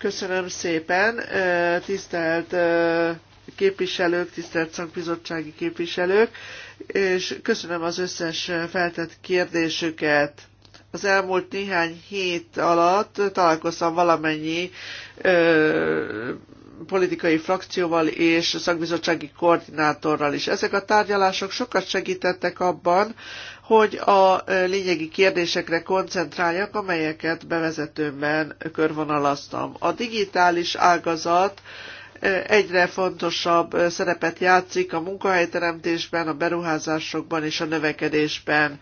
Köszönöm szépen, tisztelt képviselők, tisztelt szakbizottsági képviselők, és köszönöm az összes feltett kérdésüket. Az elmúlt néhány hét alatt találkoztam valamennyi politikai frakcióval és szakbizottsági koordinátorral is. Ezek a tárgyalások sokat segítettek abban, hogy a lényegi kérdésekre koncentráljak, amelyeket bevezetőmben körvonalaztam. A digitális ágazat egyre fontosabb szerepet játszik a munkahelyteremtésben, a beruházásokban és a növekedésben.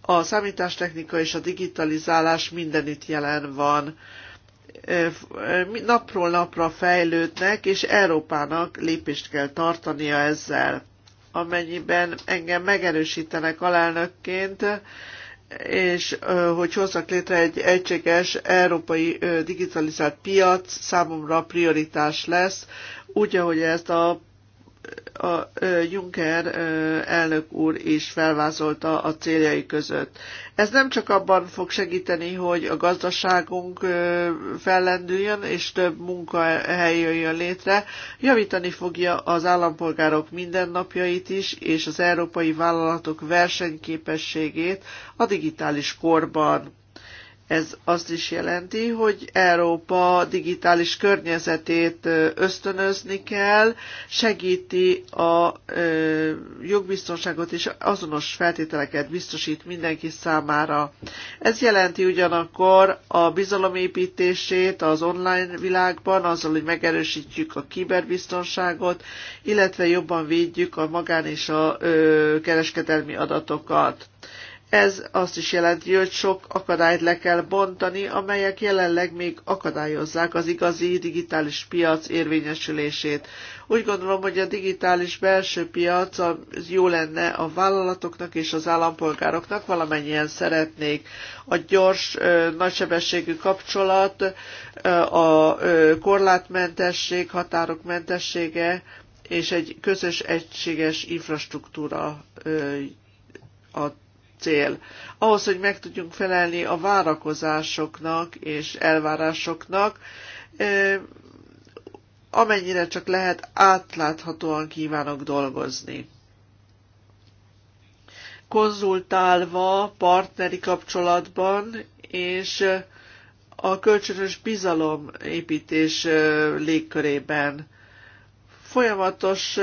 A számítástechnika és a digitalizálás mindenütt jelen van napról napra fejlődnek, és Európának lépést kell tartania ezzel. Amennyiben engem megerősítenek alelnökként, és hogy hozzak létre egy egységes európai digitalizált piac, számomra prioritás lesz, úgy, ahogy ezt a a Juncker elnök úr is felvázolta a céljai között. Ez nem csak abban fog segíteni, hogy a gazdaságunk fellendüljön és több munkahely jöjjön létre, javítani fogja az állampolgárok mindennapjait is és az európai vállalatok versenyképességét a digitális korban. Ez azt is jelenti, hogy Európa digitális környezetét ösztönözni kell, segíti a jogbiztonságot és azonos feltételeket biztosít mindenki számára. Ez jelenti ugyanakkor a bizalomépítését az online világban, azzal, hogy megerősítjük a kiberbiztonságot, illetve jobban védjük a magán és a kereskedelmi adatokat. Ez azt is jelenti, hogy sok akadályt le kell bontani, amelyek jelenleg még akadályozzák az igazi digitális piac érvényesülését. Úgy gondolom, hogy a digitális belső piac jó lenne a vállalatoknak és az állampolgároknak, valamennyien szeretnék. A gyors, nagysebességű kapcsolat, a korlátmentesség, határok mentessége és egy közös, egységes infrastruktúra a cél. Ahhoz, hogy meg tudjunk felelni a várakozásoknak és elvárásoknak, amennyire csak lehet átláthatóan kívánok dolgozni. Konzultálva, partneri kapcsolatban, és a kölcsönös bizalom építés légkörében Folyamatos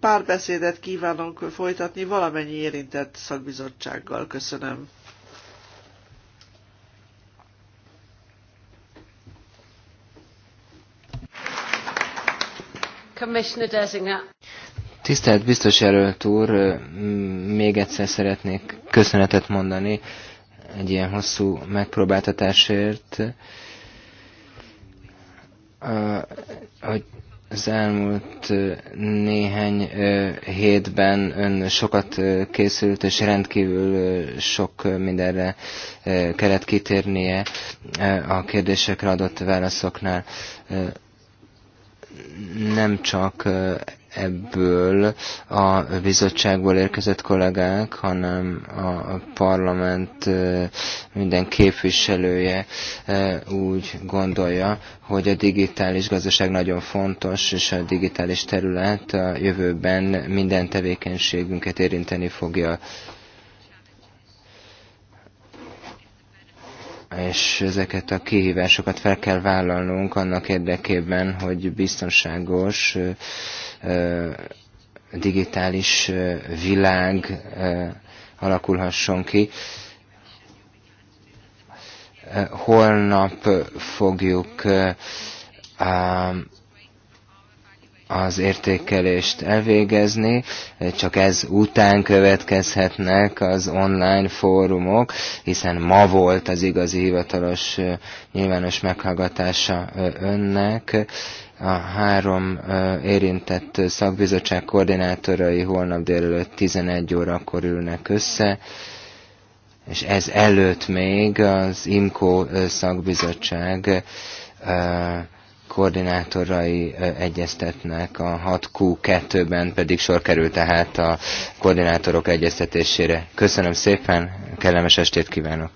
párbeszédet kívánunk folytatni valamennyi érintett szakbizottsággal. Köszönöm. Tisztelt biztos jelölt úr, még egyszer szeretnék köszönetet mondani egy ilyen hosszú megpróbáltatásért, hogy az elmúlt néhány hétben ön sokat készült, és rendkívül sok mindenre kellett kitérnie a kérdésekre adott válaszoknál nem csak ebből a bizottságból érkezett kollégák, hanem a parlament minden képviselője úgy gondolja, hogy a digitális gazdaság nagyon fontos, és a digitális terület a jövőben minden tevékenységünket érinteni fogja. és ezeket a kihívásokat fel kell vállalnunk annak érdekében, hogy biztonságos digitális világ alakulhasson ki. Holnap fogjuk az értékelést elvégezni, csak ez után következhetnek az online fórumok, hiszen ma volt az igazi hivatalos nyilvános meghallgatása önnek, a három érintett szakbizottság koordinátorai holnap délelőtt 11 órakor ülnek össze, és ez előtt még az IMCO szakbizottság koordinátorai egyeztetnek, a 6Q2-ben pedig sor kerül tehát a koordinátorok egyeztetésére. Köszönöm szépen, kellemes estét kívánok!